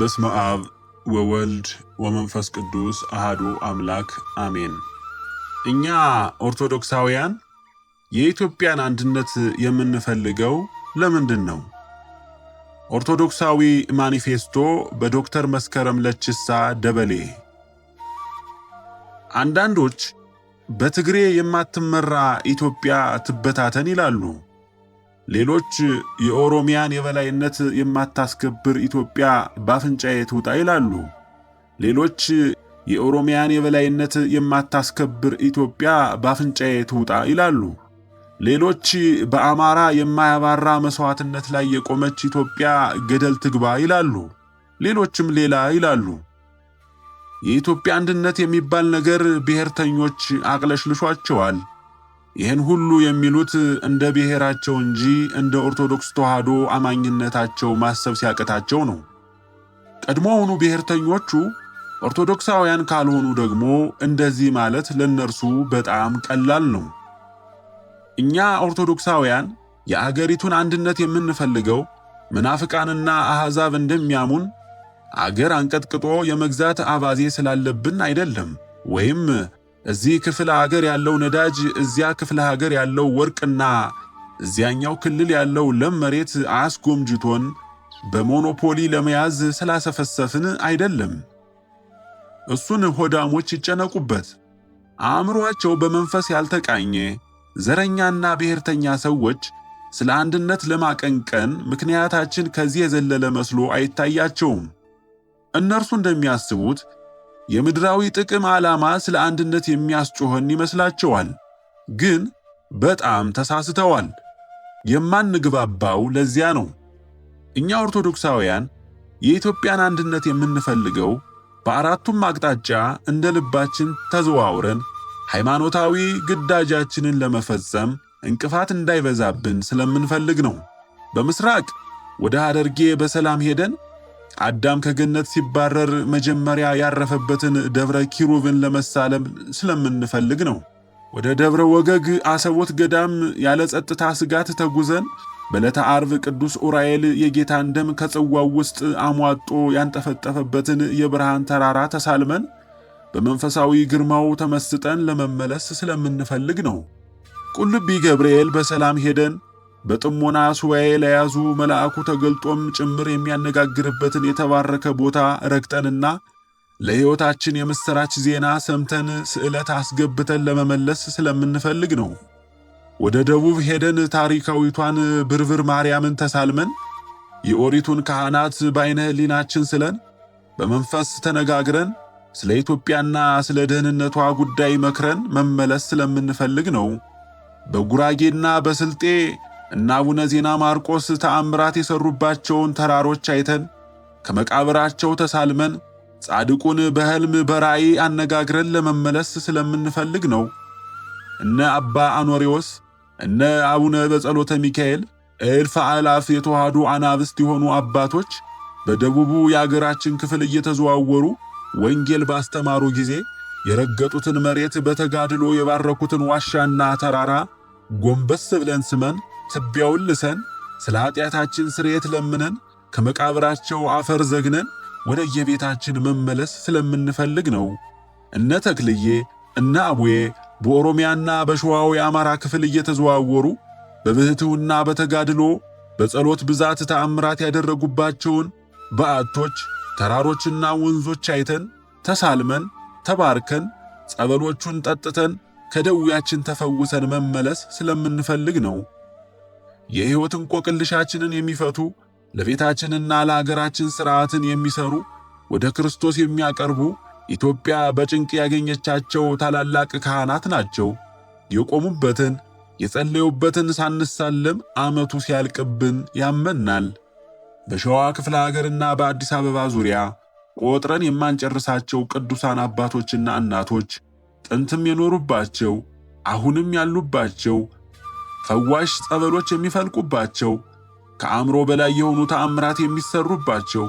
በስመ አብ ወወልድ ወመንፈስ ቅዱስ አሃዱ አምላክ አሜን። እኛ ኦርቶዶክሳውያን የኢትዮጵያን አንድነት የምንፈልገው ለምንድን ነው? ኦርቶዶክሳዊ ማኒፌስቶ በዶክተር መስከረም ለችሳ ደበሌ። አንዳንዶች በትግሬ የማትመራ ኢትዮጵያ ትበታተን ይላሉ። ሌሎች የኦሮሚያን የበላይነት የማታስከብር ኢትዮጵያ ባፍንጫዬ ትውጣ ይላሉ። ሌሎች የኦሮሚያን የበላይነት የማታስከብር ኢትዮጵያ ባፍንጫዬ ትውጣ ይላሉ። ሌሎች በአማራ የማያባራ መስዋዕትነት ላይ የቆመች ኢትዮጵያ ገደል ትግባ ይላሉ። ሌሎችም ሌላ ይላሉ። የኢትዮጵያ አንድነት የሚባል ነገር ብሔርተኞች አቅለሽልሿቸዋል። ይህን ሁሉ የሚሉት እንደ ብሔራቸው እንጂ እንደ ኦርቶዶክስ ተዋህዶ አማኝነታቸው ማሰብ ሲያቅታቸው ነው። ቀድሞውኑ ብሔርተኞቹ ኦርቶዶክሳውያን ካልሆኑ ደግሞ እንደዚህ ማለት ለነርሱ በጣም ቀላል ነው። እኛ ኦርቶዶክሳውያን የአገሪቱን አንድነት የምንፈልገው መናፍቃንና አሕዛብ እንደሚያሙን አገር አንቀጥቅጦ የመግዛት አባዜ ስላለብን አይደለም ወይም እዚህ ክፍለ ሀገር ያለው ነዳጅ፣ እዚያ ክፍለ ሀገር ያለው ወርቅና እዚያኛው ክልል ያለው ለም መሬት አስጎምጅቶን በሞኖፖሊ ለመያዝ ስላሰፈሰፍን አይደለም። እሱን ሆዳሞች ይጨነቁበት። አእምሮአቸው በመንፈስ ያልተቃኘ ዘረኛና ብሔርተኛ ሰዎች ስለ አንድነት ለማቀንቀን ምክንያታችን ከዚህ የዘለለ መስሎ አይታያቸውም። እነርሱ እንደሚያስቡት የምድራዊ ጥቅም ዓላማ ስለ አንድነት የሚያስጮኸን ይመስላቸዋል፣ ግን በጣም ተሳስተዋል። የማንግባባው ለዚያ ነው። እኛ ኦርቶዶክሳውያን የኢትዮጵያን አንድነት የምንፈልገው በአራቱም አቅጣጫ እንደ ልባችን ተዘዋውረን ሃይማኖታዊ ግዳጃችንን ለመፈጸም እንቅፋት እንዳይበዛብን ስለምንፈልግ ነው። በምስራቅ ወደ ሐረርጌ በሰላም ሄደን አዳም ከገነት ሲባረር መጀመሪያ ያረፈበትን ደብረ ኪሩብን ለመሳለም ስለምንፈልግ ነው። ወደ ደብረ ወገግ አሰቦት ገዳም ያለ ጸጥታ ስጋት ተጉዘን በዕለተ ዓርብ ቅዱስ ዑራኤል የጌታን ደም ከጽዋው ውስጥ አሟጦ ያንጠፈጠፈበትን የብርሃን ተራራ ተሳልመን በመንፈሳዊ ግርማው ተመስጠን ለመመለስ ስለምንፈልግ ነው። ቁልቢ ገብርኤል በሰላም ሄደን በጥሞና ሱባኤ ለያዙ መልአኩ ተገልጦም ጭምር የሚያነጋግርበትን የተባረከ ቦታ ረግጠንና ለሕይወታችን የምሥራች ዜና ሰምተን ስዕለት አስገብተን ለመመለስ ስለምንፈልግ ነው። ወደ ደቡብ ሄደን ታሪካዊቷን ብርብር ማርያምን ተሳልመን የኦሪቱን ካህናት በዓይነ ሕሊናችን ስለን በመንፈስ ተነጋግረን ስለ ኢትዮጵያና ስለ ደህንነቷ ጉዳይ መክረን መመለስ ስለምንፈልግ ነው። በጉራጌና በስልጤ እና አቡነ ዜና ማርቆስ ተአምራት የሰሩባቸውን ተራሮች አይተን ከመቃብራቸው ተሳልመን ጻድቁን በሕልም በራእይ አነጋግረን ለመመለስ ስለምንፈልግ ነው። እነ አባ አኖሪዎስ፣ እነ አቡነ በጸሎተ ሚካኤል እልፍ አላፍ የተዋህዱ አናብስት የሆኑ አባቶች በደቡቡ የአገራችን ክፍል እየተዘዋወሩ ወንጌል ባስተማሩ ጊዜ የረገጡትን መሬት በተጋድሎ የባረኩትን ዋሻና ተራራ ጎንበስ ብለን ስመን ትቢያውን ልሰን ስለ ኃጢአታችን ስርየት ለምነን ከመቃብራቸው አፈር ዘግነን ወደ የቤታችን መመለስ ስለምንፈልግ ነው። እነ ተክልዬ እነ አቡዬ በኦሮሚያና በሸዋው የአማራ ክፍል እየተዘዋወሩ በብህትውና በተጋድሎ በጸሎት ብዛት ተአምራት ያደረጉባቸውን በዓቶች ተራሮችና ወንዞች አይተን ተሳልመን ተባርከን ጸበሎቹን ጠጥተን ከደዌያችን ተፈውሰን መመለስ ስለምንፈልግ ነው። የሕይወት እንቆቅልሻችንን የሚፈቱ ለቤታችንና ለአገራችን ሥርዓትን የሚሰሩ ወደ ክርስቶስ የሚያቀርቡ ኢትዮጵያ በጭንቅ ያገኘቻቸው ታላላቅ ካህናት ናቸው። የቆሙበትን የጸለዩበትን ሳንሳለም ዓመቱ ሲያልቅብን ያመናል። በሸዋ ክፍለ አገርና በአዲስ አበባ ዙሪያ ቆጥረን የማንጨርሳቸው ቅዱሳን አባቶችና እናቶች ጥንትም የኖሩባቸው አሁንም ያሉባቸው ፈዋሽ ጸበሎች የሚፈልቁባቸው ከአእምሮ በላይ የሆኑ ተአምራት የሚሰሩባቸው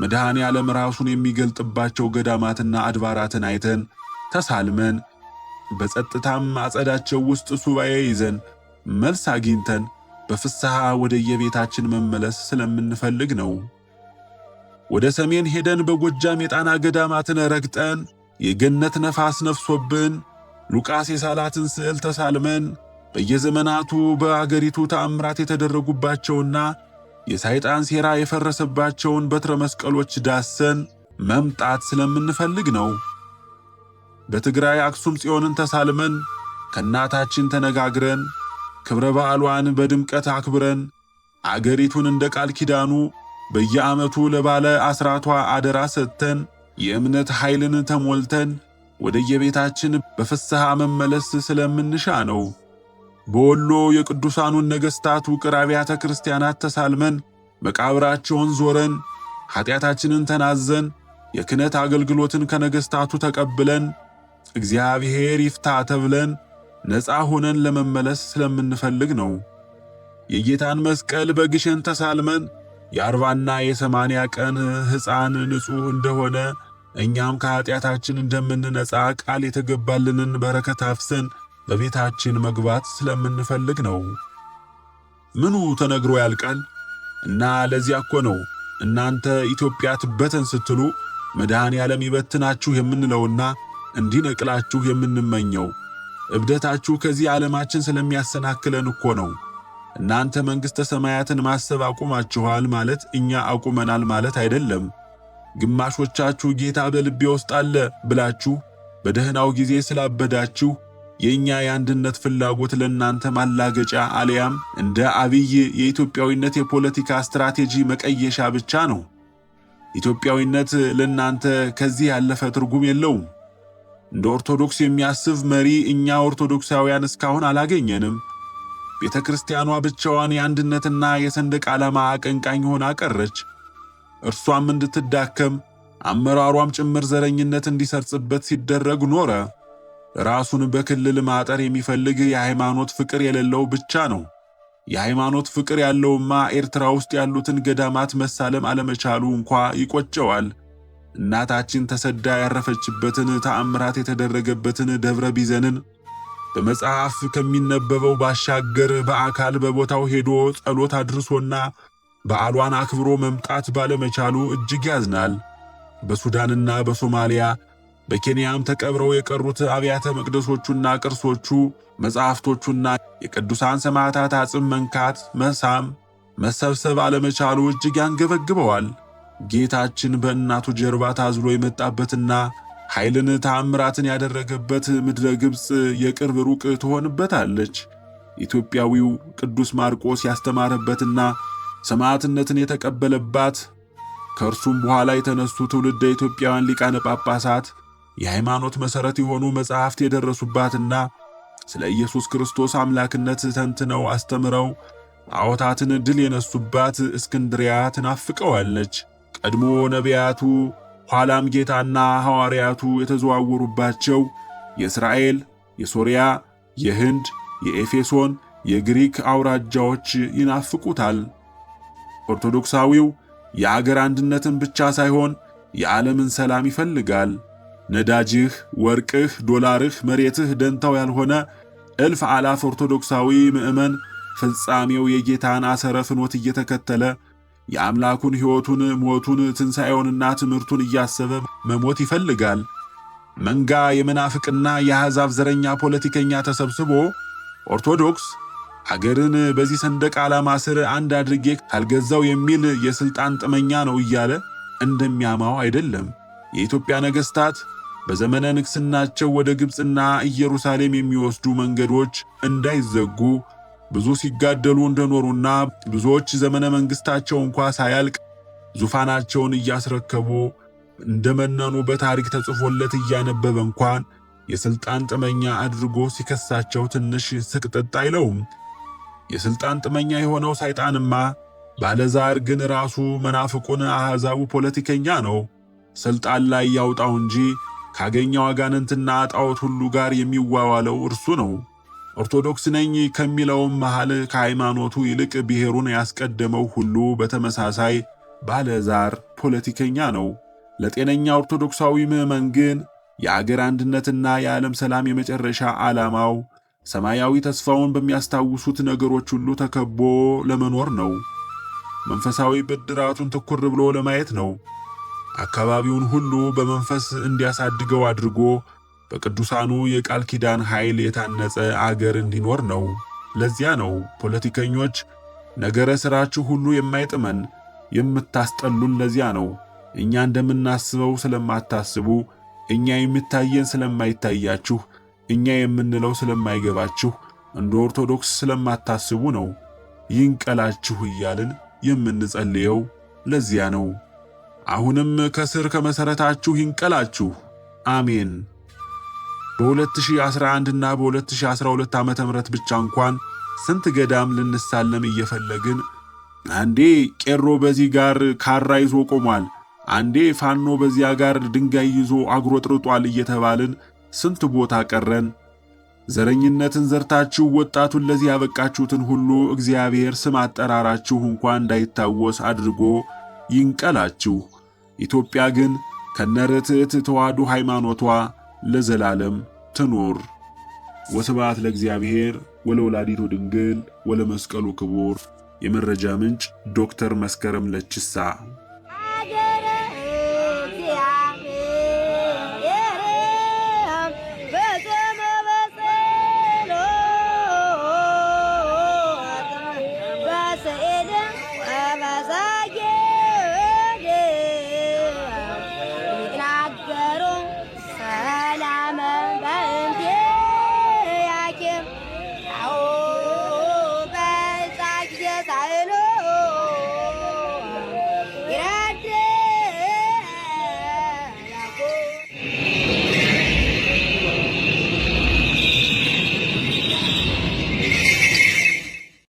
መድኃኔ ዓለም ራሱን የሚገልጥባቸው ገዳማትና አድባራትን አይተን ተሳልመን በጸጥታም አጸዳቸው ውስጥ ሱባኤ ይዘን መልስ አግኝተን በፍስሐ ወደ የቤታችን መመለስ ስለምንፈልግ ነው። ወደ ሰሜን ሄደን በጎጃም የጣና ገዳማትን ረግጠን የገነት ነፋስ ነፍሶብን ሉቃስ የሳላትን ስዕል ተሳልመን በየዘመናቱ በአገሪቱ ተአምራት የተደረጉባቸውና የሳይጣን ሴራ የፈረሰባቸውን በትረ መስቀሎች ዳሰን መምጣት ስለምንፈልግ ነው። በትግራይ አክሱም ጽዮንን ተሳልመን ከእናታችን ተነጋግረን ክብረ በዓሏን በድምቀት አክብረን አገሪቱን እንደ ቃል ኪዳኑ በየዓመቱ ለባለ አስራቷ አደራ ሰጥተን የእምነት ኃይልን ተሞልተን ወደየቤታችን በፍስሐ መመለስ ስለምንሻ ነው። በወሎ የቅዱሳኑን ነገሥታት ውቅር አብያተ ክርስቲያናት ተሳልመን መቃብራቸውን ዞረን ኀጢአታችንን ተናዘን የክነት አገልግሎትን ከነገሥታቱ ተቀብለን እግዚአብሔር ይፍታ ተብለን ነፃ ሆነን ለመመለስ ስለምንፈልግ ነው። የጌታን መስቀል በግሸን ተሳልመን የአርባና የሰማንያ ቀን ሕፃን ንጹሕ እንደሆነ እኛም ከኀጢአታችን እንደምንነጻ ቃል የተገባልንን በረከት አፍሰን በቤታችን መግባት ስለምንፈልግ ነው። ምኑ ተነግሮ ያልቃል እና ለዚያ እኮ ነው እናንተ ኢትዮጵያ ትበተን ስትሉ መድኃኔ ዓለም ይበትናችሁ የምንለውና እንዲነቅላችሁ የምንመኘው እብደታችሁ ከዚህ ዓለማችን ስለሚያሰናክለን እኮ ነው። እናንተ መንግሥተ ሰማያትን ማሰብ አቁማችኋል ማለት እኛ አቁመናል ማለት አይደለም። ግማሾቻችሁ ጌታ በልቤ ውስጥ አለ ብላችሁ በደህናው ጊዜ ስላበዳችሁ የእኛ የአንድነት ፍላጎት ለእናንተ ማላገጫ አሊያም እንደ አብይ የኢትዮጵያዊነት የፖለቲካ ስትራቴጂ መቀየሻ ብቻ ነው። ኢትዮጵያዊነት ለእናንተ ከዚህ ያለፈ ትርጉም የለውም። እንደ ኦርቶዶክስ የሚያስብ መሪ እኛ ኦርቶዶክሳውያን እስካሁን አላገኘንም። ቤተ ክርስቲያኗ ብቻዋን የአንድነትና የሰንደቅ ዓላማ አቀንቃኝ ሆና ቀረች። እርሷም እንድትዳከም አመራሯም ጭምር ዘረኝነት እንዲሰርጽበት ሲደረግ ኖረ። ራሱን በክልል ማጠር የሚፈልግ የሃይማኖት ፍቅር የሌለው ብቻ ነው። የሃይማኖት ፍቅር ያለውማ ኤርትራ ውስጥ ያሉትን ገዳማት መሳለም አለመቻሉ እንኳ ይቆጨዋል። እናታችን ተሰዳ ያረፈችበትን ተአምራት የተደረገበትን ደብረ ቢዘንን በመጽሐፍ ከሚነበበው ባሻገር በአካል በቦታው ሄዶ ጸሎት አድርሶና በዓሏን አክብሮ መምጣት ባለመቻሉ እጅግ ያዝናል። በሱዳንና በሶማሊያ በኬንያም ተቀብረው የቀሩት አብያተ መቅደሶቹና ቅርሶቹ፣ መጻሕፍቶቹና የቅዱሳን ሰማዕታት አጽም መንካት፣ መሳም፣ መሰብሰብ አለመቻሉ እጅግ ያንገበግበዋል። ጌታችን በእናቱ ጀርባ ታዝሎ የመጣበትና ኃይልን ተአምራትን ያደረገበት ምድረ ግብፅ የቅርብ ሩቅ ትሆንበታለች። ኢትዮጵያዊው ቅዱስ ማርቆስ ያስተማረበትና ሰማዕትነትን የተቀበለባት ከእርሱም በኋላ የተነሱ ትውልደ ኢትዮጵያውያን ሊቃነ ጳጳሳት የሃይማኖት መሠረት የሆኑ መጻሕፍት የደረሱባትና ስለ ኢየሱስ ክርስቶስ አምላክነት ተንትነው አስተምረው ጣዖታትን ድል የነሱባት እስክንድሪያ ትናፍቀዋለች። ቀድሞ ነቢያቱ ኋላም ጌታና ሐዋርያቱ የተዘዋወሩባቸው የእስራኤል፣ የሶርያ፣ የህንድ፣ የኤፌሶን፣ የግሪክ አውራጃዎች ይናፍቁታል። ኦርቶዶክሳዊው የአገር አንድነትን ብቻ ሳይሆን የዓለምን ሰላም ይፈልጋል። ነዳጅህ፣ ወርቅህ፣ ዶላርህ፣ መሬትህ ደንታው ያልሆነ እልፍ አላፍ ኦርቶዶክሳዊ ምዕመን ፍጻሜው የጌታን አሰረ ፍኖት እየተከተለ የአምላኩን ሕይወቱን፣ ሞቱን፣ ትንሣኤውንና ትምህርቱን እያሰበ መሞት ይፈልጋል። መንጋ የመናፍቅና የአሕዛብ ዘረኛ ፖለቲከኛ ተሰብስቦ ኦርቶዶክስ አገርን በዚህ ሰንደቅ ዓላማ ስር አንድ አድርጌ ካልገዛው የሚል የሥልጣን ጥመኛ ነው እያለ እንደሚያማው አይደለም። የኢትዮጵያ ነገሥታት በዘመነ ንግሥናቸው ወደ ግብፅና ኢየሩሳሌም የሚወስዱ መንገዶች እንዳይዘጉ ብዙ ሲጋደሉ እንደኖሩና ብዙዎች ዘመነ መንግሥታቸው እንኳ ሳያልቅ ዙፋናቸውን እያስረከቡ እንደመነኑ በታሪክ ተጽፎለት እያነበበ እንኳን የሥልጣን ጥመኛ አድርጎ ሲከሳቸው ትንሽ ስቅጥጥ አይለውም። የሥልጣን ጥመኛ የሆነው ሰይጣንማ ባለዛር ግን ራሱ መናፍቁን አሕዛቡ ፖለቲከኛ ነው። ሥልጣን ላይ ያውጣው እንጂ ካገኘው አጋንንትና ጣዖት ሁሉ ጋር የሚዋዋለው እርሱ ነው። ኦርቶዶክስ ነኝ ከሚለውም መሃል ከሃይማኖቱ ይልቅ ብሔሩን ያስቀደመው ሁሉ በተመሳሳይ ባለዛር ፖለቲከኛ ነው። ለጤነኛ ኦርቶዶክሳዊ ምዕመን ግን የአገር አንድነትና የዓለም ሰላም የመጨረሻ ዓላማው ሰማያዊ ተስፋውን በሚያስታውሱት ነገሮች ሁሉ ተከቦ ለመኖር ነው። መንፈሳዊ ብድራቱን ትኩር ብሎ ለማየት ነው። አካባቢውን ሁሉ በመንፈስ እንዲያሳድገው አድርጎ በቅዱሳኑ የቃል ኪዳን ኃይል የታነጸ አገር እንዲኖር ነው። ለዚያ ነው ፖለቲከኞች ነገረ ሥራችሁ ሁሉ የማይጥመን የምታስጠሉን። ለዚያ ነው እኛ እንደምናስበው ስለማታስቡ፣ እኛ የሚታየን ስለማይታያችሁ፣ እኛ የምንለው ስለማይገባችሁ፣ እንደ ኦርቶዶክስ ስለማታስቡ ነው ይንቀላችሁ እያልን የምንጸልየው ለዚያ ነው። አሁንም ከስር ከመሠረታችሁ ይንቀላችሁ። አሜን። በ2011 እና በ2012 ዓ ም ብቻ እንኳን ስንት ገዳም ልንሳለም እየፈለግን አንዴ ቄሮ በዚህ ጋር ካራ ይዞ ቆሟል፣ አንዴ ፋኖ በዚያ ጋር ድንጋይ ይዞ አጉሮጥርጧል እየተባልን ስንት ቦታ ቀረን። ዘረኝነትን ዘርታችሁ ወጣቱን ለዚህ ያበቃችሁትን ሁሉ እግዚአብሔር ስም አጠራራችሁ እንኳን እንዳይታወስ አድርጎ ይንቀላችሁ። ኢትዮጵያ ግን ከነርትዕት ተዋህዶ ሃይማኖቷ ለዘላለም ትኑር። ወስብሐት ለእግዚአብሔር ወለወላዲቱ ድንግል ወለመስቀሉ ክቡር። የመረጃ ምንጭ ዶክተር መስከረም ለችሳ